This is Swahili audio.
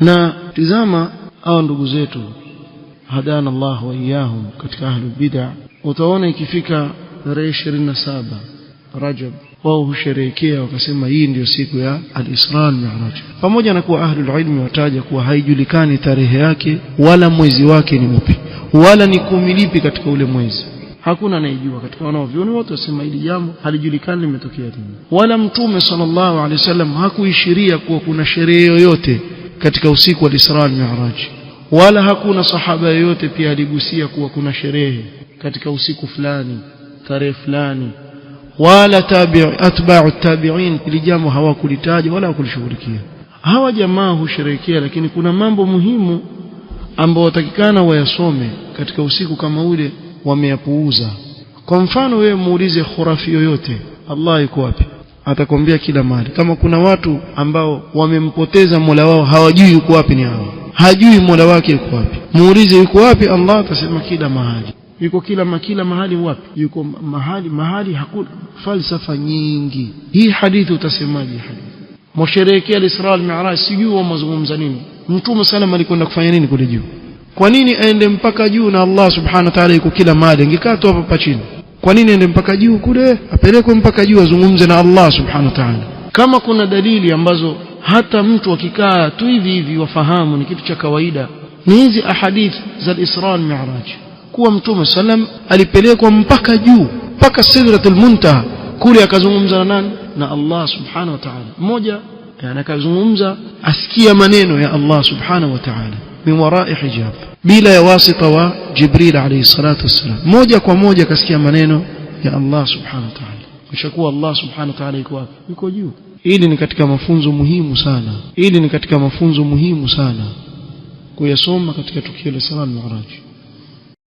Na tizama hawa ndugu zetu hadana Allah wa iyahum katika ahlul bid'ah utaona ikifika tarehe ishirini na saba Rajab wao husherehekea wakasema hii ndiyo siku ya al-Isra al-Mi'raj, pamoja na kuwa ahlul ilm wataja kuwa haijulikani tarehe yake wala mwezi wake ni upi wala ni kumi lipi katika ule mwezi. Hakuna anayejua katika wanaovyuoni wote wasema hili jambo halijulikani limetokea lini, wala Mtume sallallahu alaihi wasallam hakuishiria kuwa kuna sherehe yoyote katika usiku wa Isra wal Mi'raj. Wala hakuna sahaba yoyote pia aligusia kuwa kuna sherehe katika usiku fulani, tarehe fulani, wala tabi'i atba'u tabi'in, ili jambo hawakulitaja wala hawakulishughulikia. Hawa jamaa husherehekea, lakini kuna mambo muhimu ambao watakikana wayasome katika usiku kama ule, wameyapuuza. Kwa mfano, wewe muulize khurafi yoyote, Allah yuko wapi? atakwambia kila mahali. Kama kuna watu ambao wamempoteza mola wao, hawajui yuko wapi, ni hawa, hajui mola wake yuko wapi. Muulize yuko wapi, Allah atasema kila mahali yuko kila makila mahali. Wapi yuko? Mahali mahali, hakuna falsafa nyingi. Hii hadithi utasemaje? Hadithi mwasherehekea Isra wal Mi'raj, sijui wamazungumza nini? Mtume salam alikwenda kufanya nini kule juu? Kwa nini aende mpaka juu na Allah subhanahu wa ta'ala yuko kila mahali? Ingekaa tu hapa chini kwa nini ende mpaka juu kule? Apelekwe mpaka juu azungumze na Allah subhanahu wa ta'ala. Kama kuna dalili ambazo hata mtu akikaa tu hivi hivi wafahamu ni kitu cha kawaida, ni hizi ahadithi za al-Isra al-Mi'raj, kuwa Mtume sallam alipelekwa mpaka juu mpaka Sidratul Muntaha kule, akazungumza na nani? Na Allah subhanahu wa ta'ala. Mmoja yani akazungumza, asikia maneno ya Allah subhanahu wa ta'ala min warai hijab bila ya wasita wa Jibril alayhi salatu wassalam moja kwa moja kasikia maneno ya Allah subhanahu wa ta'ala kishakuwa Allah subhanahu wa ta'ala yuko wapi yuko juu hili ni katika mafunzo muhimu sana hili ni katika mafunzo muhimu sana kuyasoma katika tukio la Isra Mi'raj